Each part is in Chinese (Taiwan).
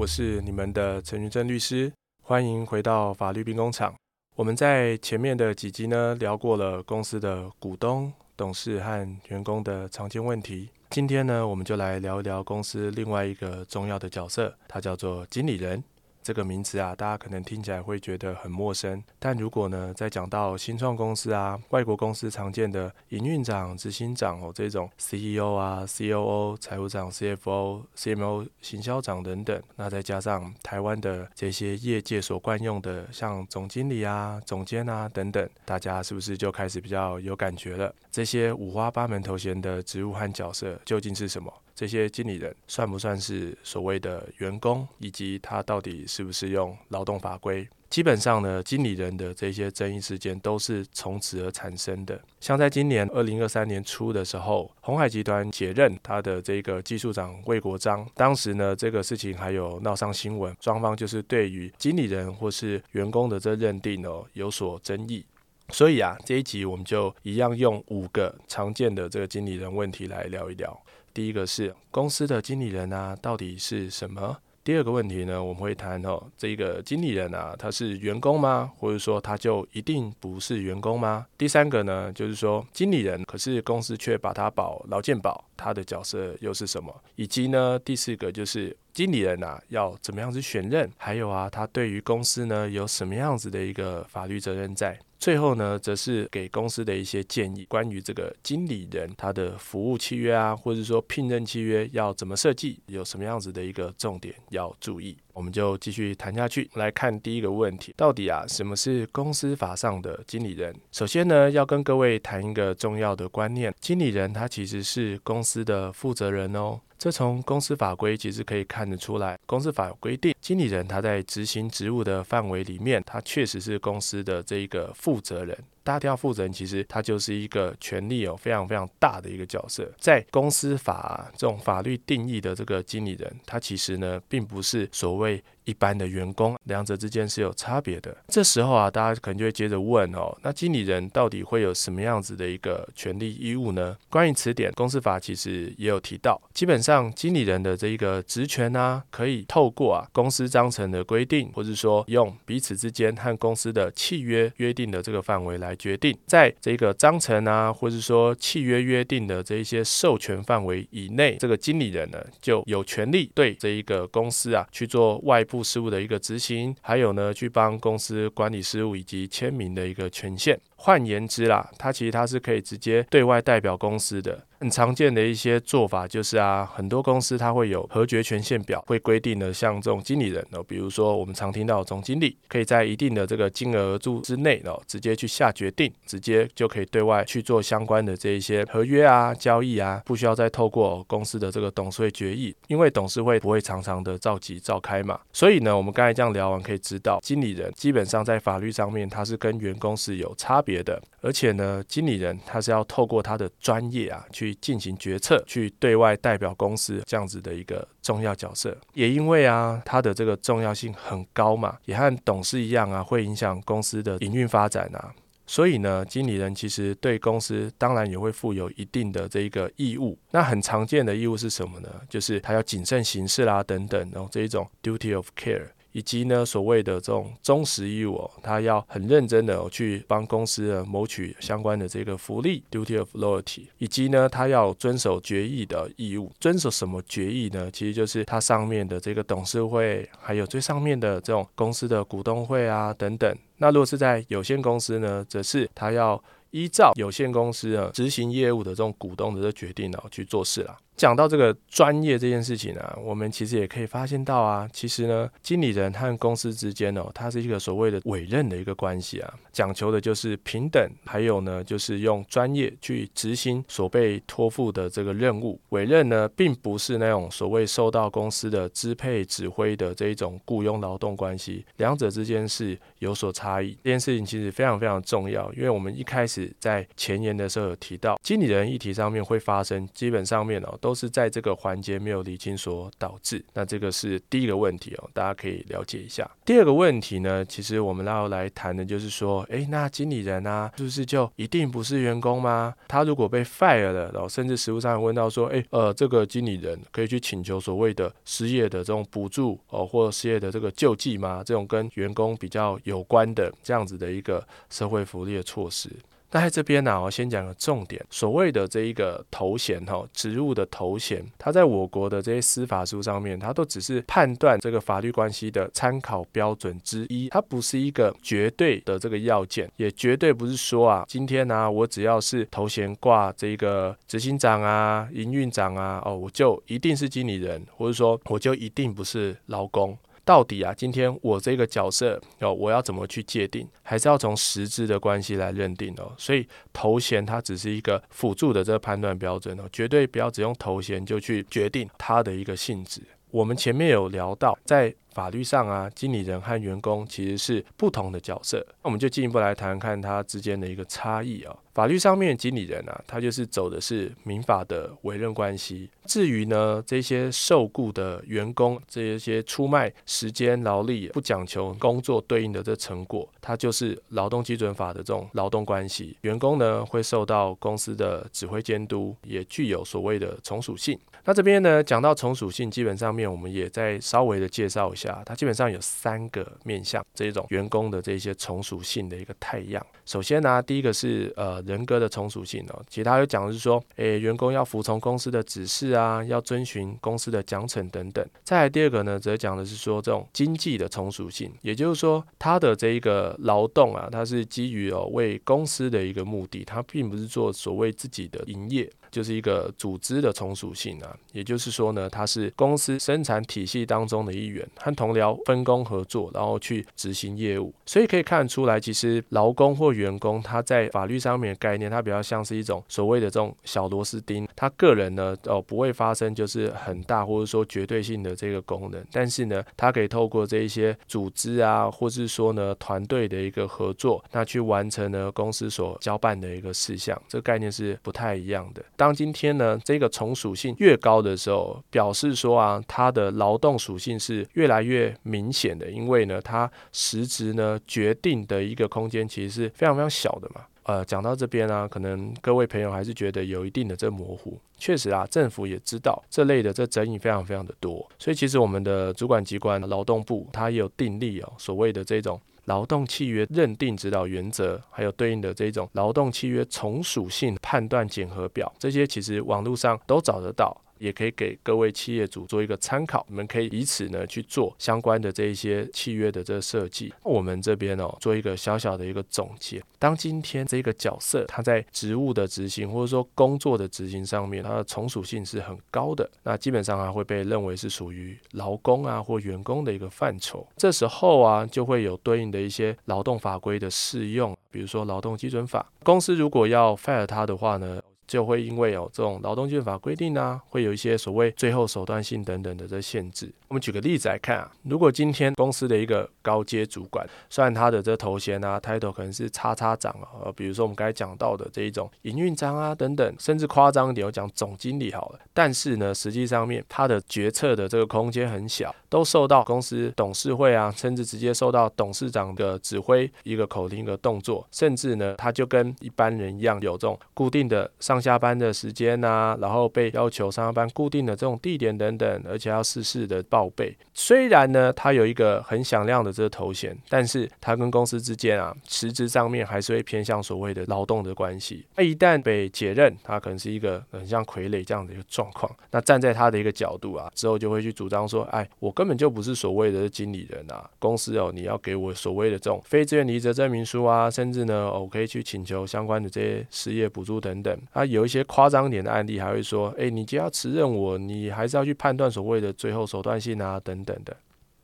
我是你們的陳全正律師，歡迎回到法律兵工廠。我們在前面的幾集呢，聊過了公司的股東、董事和員工的常見問題。今天呢，我們就來聊一聊公司另外一個重要的角色，他叫做經理人。這個名詞啊，大家可能聽起來會覺得很陌生。但如果呢，在講到新創公司啊、外國公司常見的營運長、執行長哦這種 CEO 啊、COO、財務長、CFO、CMO、行銷長等等，那再加上台灣的這些業界所慣用的，像總經理啊、總監啊等等，大家是不是就開始比較有感覺了？這些五花八門頭銜的職務和角色究竟是什麼？這些經理人算不算是所謂的員工，以及他到底適不適用勞動法規？基本上呢，經理人的這些爭議事件都是從此而產生的。像在今年二零二三年初的時候，鴻海集團解任他的這個技術長魏國章，當時呢，這個事情還有鬧上新聞，雙方就是對於經理人或是員工的這認定呢有所爭議。所以啊，這一集我們就一樣用五個常見的這個經理人問題來聊一聊。第一個是公司的經理人啊，到底是什麼？第二個問題呢，我們會談哦，這個經理人啊，他是員工嗎？或者說他就一定不是員工嗎？第三個呢，就是說經理人，可是公司卻把他保勞健保，他的角色又是什麼？以及呢，第四個就是經理人啊，要怎麼樣子選任？還有啊，他對於公司呢，有什麼樣子的一個法律責任在？最後呢，則是給公司的一些建議，關於這個經理人他的服務契約啊，或者說聘任契約要怎麼設計，有什麼樣子的一個重點要注意，我們就繼續談下去，來看第一個問題，到底啊，什麼是公司法上的經理人？首先呢，要跟各位談一個重要的觀念，經理人他其實是公司的負責人哦，這從公司法規其實可以看得出來，公司法有規定，經理人他在執行職務的範圍裡面，他確實是公司的這一個負。負責人。大家負責人其實他就是一個權力有、喔、非常非常大的一個角色，在公司法、啊、這種法律定義的這個經理人，他其實呢並不是所謂一般的員工，兩者之間是有差別的。這時候啊，大家可能就會接着問哦、喔，那經理人到底會有什麼樣子的一個權利義務呢？關於此點，公司法其實也有提到，基本上經理人的這一個職權啊，可以透過啊公司章程的規定，或者說用彼此之間和公司的契約約定的這個範圍來。決定。在這個章程啊，或者說契約約定的這一些授權範圍以內，這個經理人呢就有權利對這一個公司啊去做外部事務的一個執行，還有呢去幫公司管理事務以及簽名的一個權限。換言之啦，他其實他是可以直接對外代表公司的。很常見的一些做法就是啊，很多公司它會有核決權限表，會規定的，像這種經理人哦，比如說我們常聽到總經理可以在一定的這個金額額度之內，哦，直接去下決定，直接就可以對外去做相關的這一些合約啊、交易啊，不需要再透過、哦、公司的這個董事會決議，因為董事會不會常常的召集召開嘛。所以呢，我們剛才這樣聊完，可以知道經理人基本上在法律上面他是跟員工是有差別的，而且呢，經理人他是要透過他的專業啊去。進行決策、去對外代表公司這樣子的一個重要角色，也因為啊，他的這個重要性很高嘛，也和董事一樣啊，會影響公司的營運發展啊，所以呢，經理人其實對公司當然也會負有一定的這一個義務。那很常見的義務是什麼呢？就是他要謹慎行事啦、啊，等等，哦，然後這一種 duty of care。以及呢，所謂的這種忠實義務、哦，他要很認真的、哦、去幫公司呢謀取相關的這個福利 （duty of loyalty）。以及呢，他要遵守決議的義務。遵守什麼決議呢？其實就是他上面的這個董事會，還有最上面的這種公司的股東會啊等等。那如果是在有限公司呢，則是他要依照有限公司的執行業務的這種股東的這決定啊、哦、去做事啦。講到這個專業這件事情啊，我們其實也可以發現到啊，其實呢，經理人和公司之間哦，它是一個所謂的委任的一個關係啊，講求的就是平等，還有呢，就是用專業去執行所被托付的這個任務。委任呢，並不是那種所謂受到公司的支配指揮的這一種雇傭勞動關係，兩者之間是有所差異。這件事情其實非常非常重要，因為我們一開始在前言的時候有提到，經理人議題上面會發生，基本上面哦都。都是在這個環節沒有理清所導致，那這個是第一個問題哦，大家可以了解一下。第二個問題呢，其實我們要來談的就是說，誒、欸，那經理人啊，是不是就一定不是員工嗎？他如果被 fire 了，然後哦甚至實務上也問到說，誒、欸，呃，這個經理人可以去請求所謂的失業的這種補助哦，或者失業的這個救濟嗎？這種跟員工比較有關的這樣子的一個社會福利的措施。那這邊呢、啊，我先講個重點。所謂的這一個頭銜哈、哦，職務的頭銜，它在我國的這些司法書上面，它都只是判斷這個法律關係的參考標準之一，它不是一個絕對的這個要件，也絕對不是說啊，今天呢、啊，我只要是頭銜掛這個執行長啊、營運長啊，哦，我就一定是經理人，或者說我就一定不是勞工。到底啊，今天我這個角色哦，我要怎麼去界定？還是要從實質的關係來認定哦。所以頭銜它只是一個輔助的這個判斷標準哦，絕對不要只用頭銜就去決定它的一個性質。我們前面有聊到在。法律上啊，經理人和員工其實是不同的角色，那我們就進一步來談看它之間的一個差異啊。法律上面經理人啊，他就是走的是民法的委任關係；至於呢這些受雇的員工，這些出賣時間勞力、不講求工作對應的這成果，他就是勞動基準法的這種勞動關係。員工呢會受到公司的指揮監督，也具有所謂的從屬性。那這邊呢，講到從屬性，基本上面我們也再稍微的介紹一下，它基本上有三個面向，這種員工的這些從屬性的一個態樣。首先呢、啊，第一個是呃人格的從屬性哦、喔，其他它有講的是說，誒、欸、員工要服從公司的指示啊，要遵循公司的獎懲等等。再來第二個呢，則講的是說這種經濟的從屬性，也就是說它的這一個勞動啊，它是基於哦、喔、為公司的一個目的，它並不是做所謂自己的營業。就是一個組織的從屬性啊，也就是說呢，它是公司生產體系當中的一員，和同僚分工合作，然後去執行業務。所以可以看出來，其實勞工或員工他在法律上面的概念，它比較像是一種所謂的這種小螺絲釘。他個人呢，哦，不會發生就是很大或者說絕對性的這個功能。但是呢，他可以透過這一些組織啊，或是說呢，團隊的一個合作，那去完成呢，公司所交辦的一個事項。這個概念是不太一樣的。當今天呢，這個從屬性越高的時候，表示說啊，它的勞動屬性是越來越明顯的，因為呢，它實質呢決定的一個空間其實是非常非常小的嘛。呃，講到這邊啊，可能各位朋友還是覺得有一定的這模糊。確實啊，政府也知道這類的這爭議非常非常的多，所以其實我們的主管機關勞動部它也有訂立哦，所謂的這種。勞動契約認定指導原則，還有對應的這種勞動契約從屬性判斷檢核表，這些其實網絡上都找得到。也可以給各位企業主做一個參考，我們可以以此呢去做相關的這一些契約的這個設計。我們這邊哦做一個小小的一個總結。當今天這個角色他在職務的執行或者說工作的執行上面，他的從屬性是很高的，那基本上他啊會被認為是屬於勞工啊或員工的一個範疇。這時候啊就會有對應的一些勞動法規的適用，比如說勞動基準法。公司如果要 fire 他的話呢，就會因為有、哦、這種勞動就法規定啊，會有一些所謂最後手段性等等的這限制。我們舉個例子來看啊，如果今天公司的一個高階主管，雖然他的這頭銜啊、title 可能是叉叉長啊，比如說我們剛才講到的這一種營運長啊等等，甚至誇張一點，我講總經理好了，但是呢，實際上面他的決策的這個空間很小，都受到公司董事會啊，甚至直接受到董事長的指揮，一個口令一個動作，甚至呢，他就跟一般人一樣有這種固定的上。上下班的時間吶、啊，然後被要求上下班固定的這種地點等等，而且要事事的報備。雖然呢，他有一個很響亮的這個頭銜，但是他跟公司之間啊，實質上面還是會偏向所謂的勞動的關係。那一旦被解任，他可能是一個很像傀儡這樣的一個狀況。那站在他的一個角度啊，之後就會去主張說，哎，我根本就不是所謂的經理人啊，公司哦，你要給我所謂的這種非自願離職證明書啊，甚至呢，我可以去請求相關的這些失業補助等等。有一些誇張點的案例，還會說：“誒、欸，你既要辭任我，你還是要去判斷所謂的最後手段性啊，等等的。”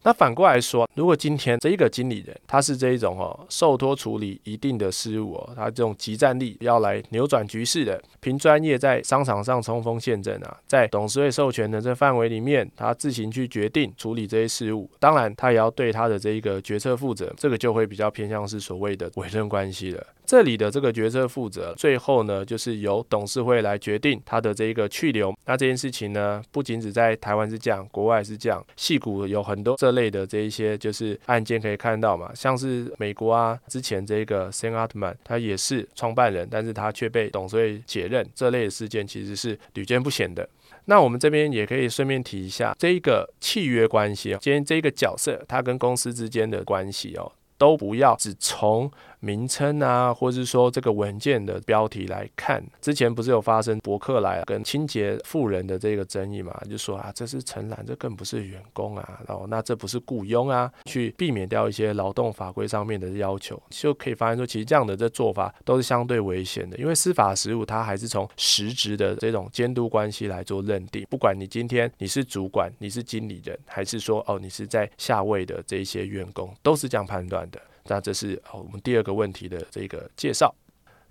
那反過來說，如果今天這一個經理人他是這一種哦，受託處理一定的事務哦，他這種即戰力要來扭轉局勢的，憑專業在商場上衝鋒陷陣啊，在董事會授權的這範圍裡面，他自行去決定處理這些事務，當然他也要對他的這一個決策負責，這個就會比較偏向是所謂的委任關係了。這裡的這個角色負責。最後呢，就是由董事會來決定他的這一個去留。那這件事情呢，不僅只在台灣是這樣，國外是這樣，矽谷有很多這類的這一些就是案件可以看到嘛，像是美國啊，之前這個 Sam Altman 他也是創辦人，但是他卻被董事會解任，這類的事件其實是屢見不鮮的。那我們這邊也可以順便提一下，這一個契約關係，兼這一個角色他跟公司之間的關係哦，都不要只從。名稱啊，或者是說這個文件的標題來看，之前不是有發生博客來跟清潔婦人的這個爭議嘛？就說啊，這是承攬，這更不是員工啊，然、哦、後那這不是雇傭啊，去避免掉一些勞動法規上面的要求，就可以發現說，其實這樣的這做法都是相對危險的，因為司法實務它還是從實質的這種監督關係來做認定，不管你今天你是主管，你是經理人，還是說哦你是在下位的這些員工，都是這樣判斷的。那這是我們第二個問題的這個介紹。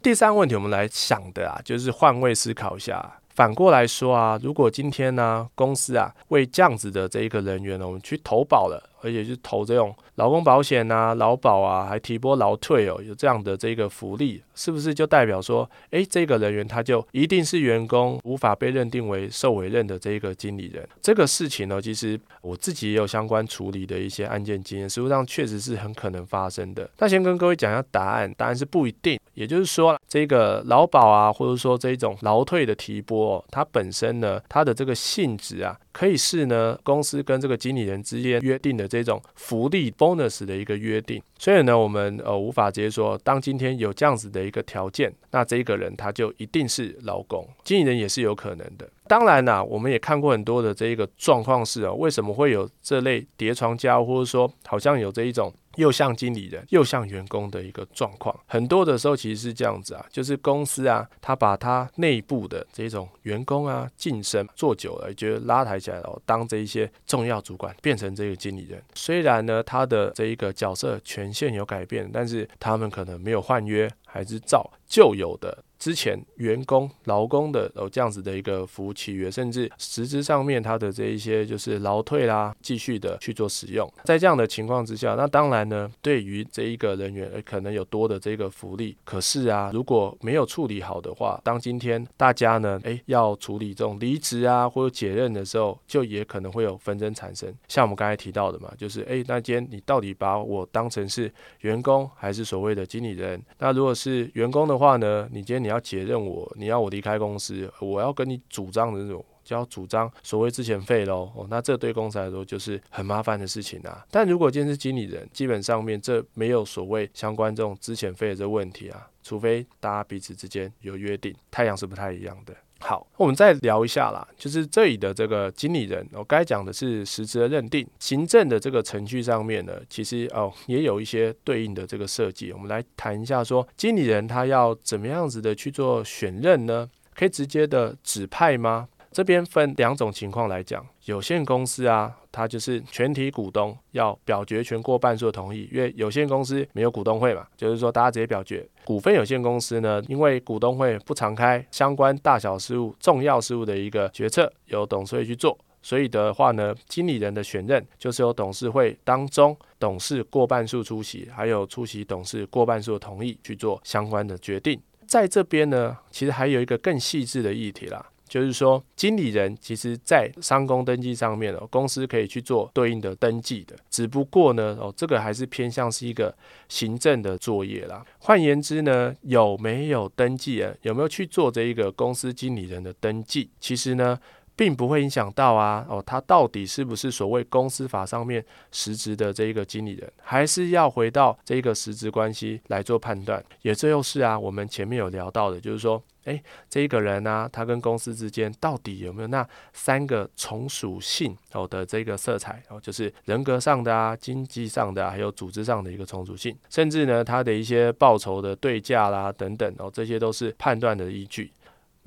第三個問題，我們來想的啊，就是換位思考一下，反過來說啊，如果今天呢，啊，公司啊，為這樣子的這一個人員呢，我們去投保了。而且就是投這種勞工保險啊、勞保啊，還提撥勞退哦、喔，有這樣的這個福利，是不是就代表說，哎，這個人員他就一定是員工，無法被認定為受委任的這一個經理人？這個事情呢，其實我自己也有相關處理的一些案件經驗，事實上確實是很可能發生的。那先跟各位講一下答案，答案是不一定。也就是說，這個勞保啊，或者說這種勞退的提撥、喔，它本身呢，它的這個性質啊。可以是呢，公司跟這個經理人之間約定的這種福利 bonus 的一個約定。所以呢，我們呃無法直接說，當今天有這樣子的一個條件，那這個人他就一定是勞工，經理人也是有可能的。當然啦、啊，我們也看過很多的這一個狀況是啊，為什麼會有這類疊床架，或者說好像有這一種。又像經理人，又像員工的一個狀況，很多的時候其實是這樣子啊，就是公司啊，他把他內部的這種員工啊，晉升做久了，覺得拉抬起來哦，當這一些重要主管，變成這個經理人。雖然呢，他的這一個角色權限有改變，但是他們可能沒有換約。還是照舊有的之前員工勞工的有這樣子的一個服務契約，甚至實質上面他的這一些就是勞退啦，繼續的去做使用。在這樣的情況之下，那當然呢，對於這一個人員可能有多的這個福利。可是啊，如果沒有處理好的話，當今天大家呢，誒，要處理這種離職啊或者解任的時候，就也可能會有紛爭產生。像我們剛才提到的嘛，就是誒、欸，那今天你到底把我當成是員工還是所謂的經理人？那如果是是員工的話呢，你今天你要解任我，你要我離開公司，我要跟你主張的那種，就要主張所謂資遣費咯，哦，那這對公司來說就是很麻煩的事情啊。但如果今天是經理人，基本上面這沒有所謂相關這種資遣費的這問題啊，除非大家彼此之間有約定，太陽是不太一樣的。好，我們再聊一下啦，就是這裡的這個經理人，我剛才講的是實質的認定，行政的這個程序上面呢，其實哦也有一些對應的這個設計，我們來談一下說經理人他要怎麼樣子的去做選任呢？可以直接的指派嗎？這邊分兩種情況來講，有限公司啊，它就是全體股東要表決權過半數的同意，因為有限公司沒有股東會嘛，就是說大家直接表決。股份有限公司呢，因為股東會不常開，相關大小事務、重要事務的一個決策由董事會去做，所以的話呢，經理人的選任就是由董事會當中董事過半數出席，還有出席董事過半數同意去做相關的決定。在這邊呢，其實還有一個更細緻的議題啦。就是說，經理人其實，在商工登記上面哦，公司可以去做對應的登記的，只不過呢，哦，這個還是偏向是一個行政的作業啦。換言之呢，有沒有登記啊？有沒有去做這一個公司經理人的登記？其實呢。並不會影響到啊，哦，他到底是不是所謂公司法上面實質的這一個經理人，還是要回到這一個實質關係來做判斷。也這又是啊，我們前面有聊到的，就是說，誒、欸，這個人呢、啊，他跟公司之間到底有沒有那三個從屬性哦的這個色彩哦，就是人格上的啊，經濟上的、啊，還有組織上的一個從屬性，甚至呢，他的一些報酬的對價啦等等哦，這些都是判斷的依據。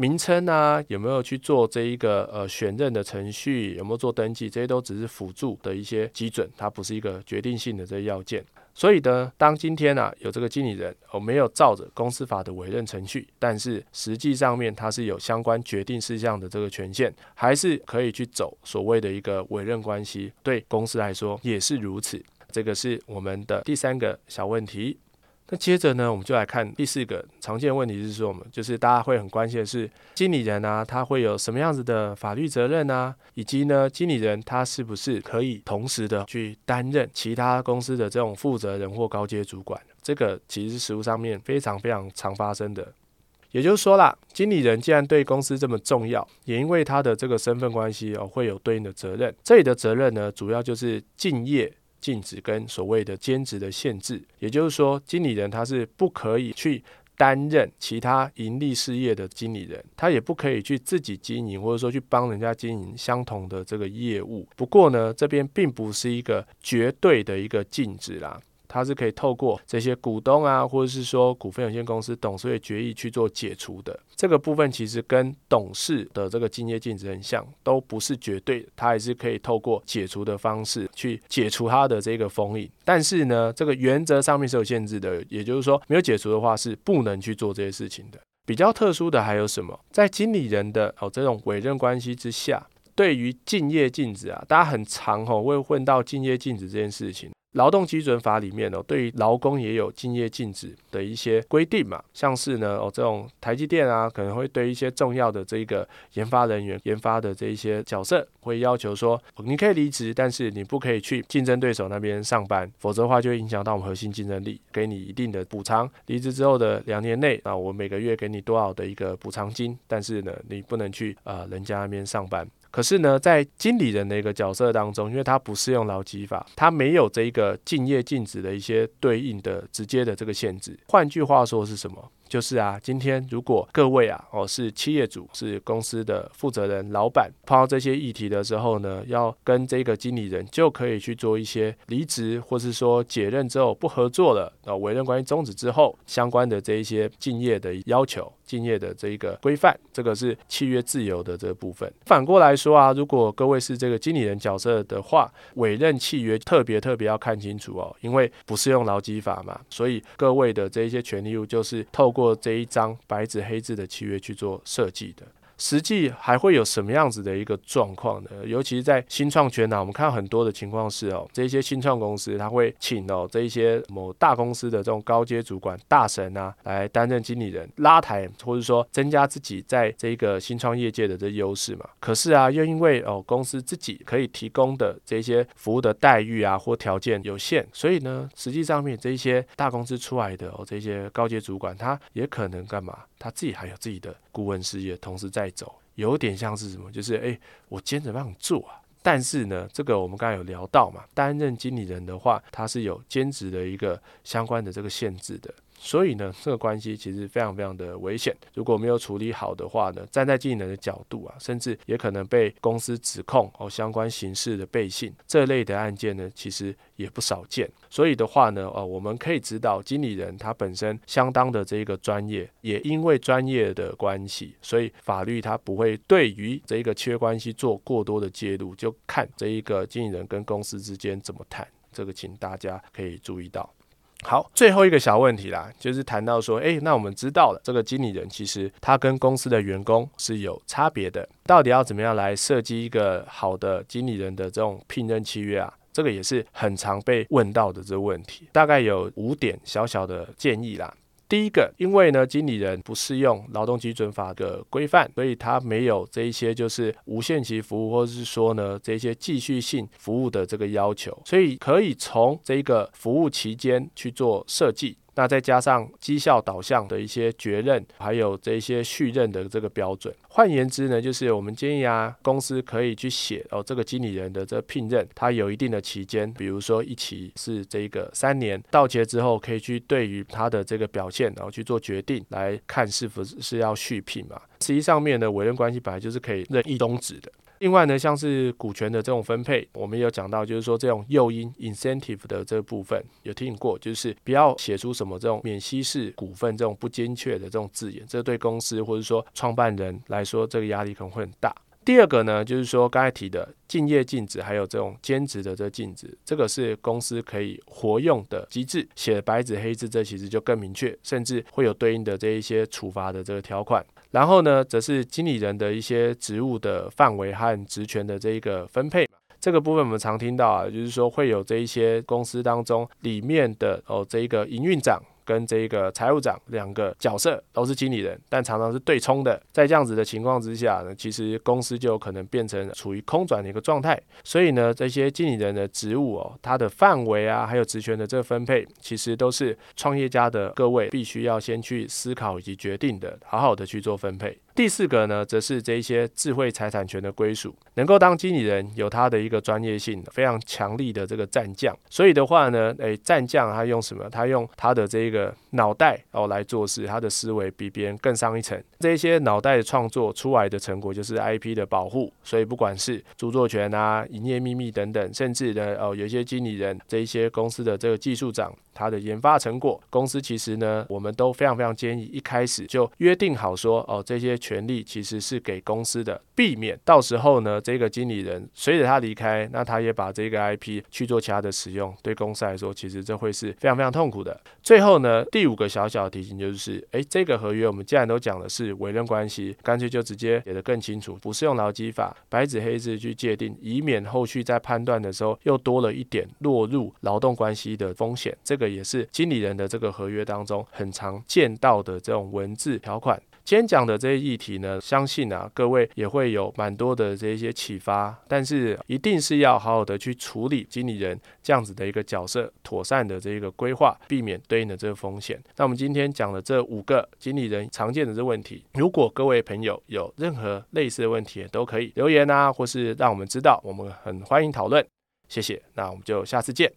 名稱啊，有沒有去做這一個呃選任的程序，有沒有做登記，這些都只是輔助的一些基準，它不是一個決定性的這要件。所以呢，當今天啊，有這個經理人我、哦、沒有照着公司法的委任程序，但是實際上面他是有相關決定事項的這個權限，還是可以去走所謂的一個委任關係，對公司來說也是如此。這個是我們的第三個小問題。那接着呢，我們就來看第四個常見問題，是說我們就是大家會很關心的是，經理人啊，他會有什麼樣子的法律責任啊？以及呢，經理人他是不是可以同時的去擔任其他公司的這種負責人或高階主管？這個其實是實務上面非常非常常發生的。也就是說啦，經理人既然對公司這麼重要，也因為他的這個身份關係哦，會有對應的責任。這裡的責任呢，主要就是競業禁止跟所謂的兼職的限制，也就是說，經理人他是不可以去擔任其他盈利事業的經理人，他也不可以去自己經營，或者說去幫人家經營相同的這個業務。不過呢，這邊並不是一個絕對的一個禁止啦。它是可以透過這些股東啊，或者是說股份有限公司董事會決議去做解除的。這個部分其實跟董事的這個競業禁止很像，都不是絕對，它還是可以透過解除的方式去解除它的這個封印。但是呢，這個原則上面是有限制的，也就是說，沒有解除的話是不能去做這些事情的。比較特殊的還有什麼？在經理人的哦這種委任關係之下。對於競業禁止啊，大家很常吼會問到競業禁止這件事情。勞動基準法裡面哦，對於勞工也有競業禁止的一些規定嘛。像是呢哦，這種台積電啊，可能會對一些重要的這個研發人員、研發的這一些角色，會要求說，你可以離職，但是你不可以去競爭對手那邊上班，否則的話就會影響到我們核心競爭力，給你一定的補償。離職之後的兩年內，啊，我每個月給你多少的一個補償金，但是呢，你不能去啊、呃，人家那邊上班。可是呢，在經理人的一個角色當中，因為他不適用勞基法，他沒有這一個競業禁止的一些對應的直接的這個限制。換句話說是什麼？就是啊，今天如果各位啊，哦是企業主、是公司的負責人、老闆，碰到這些議題的時候呢，要跟這個經理人就可以去做一些離職，或是說解任之後不合作了，那、哦、委任關係終止之後相關的這一些競業的要求。敬業的這個規範，這個是契約自由的這個部分。反過來說啊，如果各位是這個經理人角色的話，委任契約特別特別要看清楚哦，因為不適用勞基法嘛，所以各位的這一些權利義務就是透過這一張白紙黑字的契約去做設計的。實際還會有什麼樣子的一個狀況呢？尤其是在新創圈呢、啊，我們看到很多的情況是哦，這些新創公司它會請哦這一些某大公司的這種高階主管大神吶、啊、來擔任經理人拉抬，或者說增加自己在這個新創業界的這優勢嘛。可是啊，又因為哦公司自己可以提供的這些服務的待遇啊或條件有限，所以呢，實際上面這些大公司出來的哦這些高階主管，他也可能幹嘛？他自己還有自己的。顧問事業同時在走，有點像是什麼？就是哎、欸，我兼職幫你做啊。但是呢，這個我們剛才有聊到嘛，擔任經理人的話，他是有兼職的一個相關的這個限制的。所以呢，這個關係其實非常非常的危險。如果沒有處理好的話呢，站在經理人的角度啊，甚至也可能被公司指控，哦，相關刑事的背信，這類的案件呢，其實也不少見。所以的話呢，呃、哦，我們可以知道，經理人他本身相當的這一個專業，也因為專業的關係，所以法律他不會對於這一個契約關係做過多的介入，就看這一個經理人跟公司之間怎麼談。這個，請大家可以注意到。好，最後一個小問題啦，就是談到說，哎、欸，那我們知道了這個經理人其實他跟公司的員工是有差別的，到底要怎麼樣來設計一個好的經理人的這種聘任契約啊？這個也是很常被問到的這個問題，大概有五點小小的建議啦。第一個，因為呢，經理人不適用勞動基準法的規範，所以他沒有這一些就是無限期服務，或者是說呢，這些繼續性服務的這個要求，所以可以從這個服務期間去做設計。那再加上績效導向的一些解任，還有這一些續任的這個標準。換言之呢，就是我們建議啊，公司可以去寫哦，這個經理人的這聘任，他有一定的期間，比如說一期是這個三年，到期了之後可以去對於他的這個表現，然、哦、後去做決定，來看是否是，是要續聘嘛。實際上面的委任關係本來就是可以任意終止的。另外呢，像是股權的這種分配，我們也有講到，就是說這種誘因 incentive 的這個部分有提醒過，就是不要寫出什麼這種免息式股份這種不精確的這種字眼，這對公司或者說創辦人來說，這個壓力可能會很大。第二個呢，就是說剛才提的敬業禁止，還有這種兼職的這個禁止，這個是公司可以活用的機制，寫白紙黑字，這其實就更明確，甚至會有對應的這一些處罰的這個條款。然後呢，則是經理人的一些職務的範圍和職權的這一個分配。這個部分我們常聽到啊，就是說會有這一些公司當中裡面的哦，這一個營運長。跟這個財務長兩個角色都是經理人，但常常是對沖的。在這樣子的情況之下呢，其實公司就可能變成處於空轉的一個狀態。所以呢，這些經理人的職務哦，他的範圍啊，還有職權的這個分配，其實都是創業家的各位必須要先去思考以及決定的，好好的去做分配。第四個呢，則是這一些智慧財產權的歸屬，能夠當經理人有他的一個專業性非常強力的這個戰將，所以的話呢，哎，戰將他用什麼？他用他的這一個腦袋哦來做事，他的思維比別人更上一層。這一些腦袋的創作出來的成果就是 IP 的保護，所以不管是著作權啊、營業秘密等等，甚至呢，哦，有一些經理人這一些公司的這個技術長，他的研發成果，公司其實呢，我們都非常非常建議一開始就約定好說，哦，這些權利其實是給公司的，避免到時候呢，這個經理人隨着他離開，那他也把這個 IP 去做其他的使用，對公司來說，其實這會是非常非常痛苦的。最後呢，第五個小小的提醒就是，哎、欸，這個合約我們既然都講的是委任關係，乾脆就直接寫得更清楚，不適用勞基法，白紙黑字去界定，以免後續在判斷的時候又多了一點落入勞動關係的風險。這個。也是經理人的這個合約當中很常見到的這種文字條款。今天講的這些議題呢，相信啊各位也會有蠻多的這些啟發，但是一定是要好好的去處理經理人這樣子的一個角色，妥善的這個規劃，避免對應的這個風險。那我們今天講的這五個經理人常見的這問題，如果各位朋友有任何類似的問題，都可以留言啊，或是讓我們知道，我們很歡迎討論。謝謝，那我們就下次見。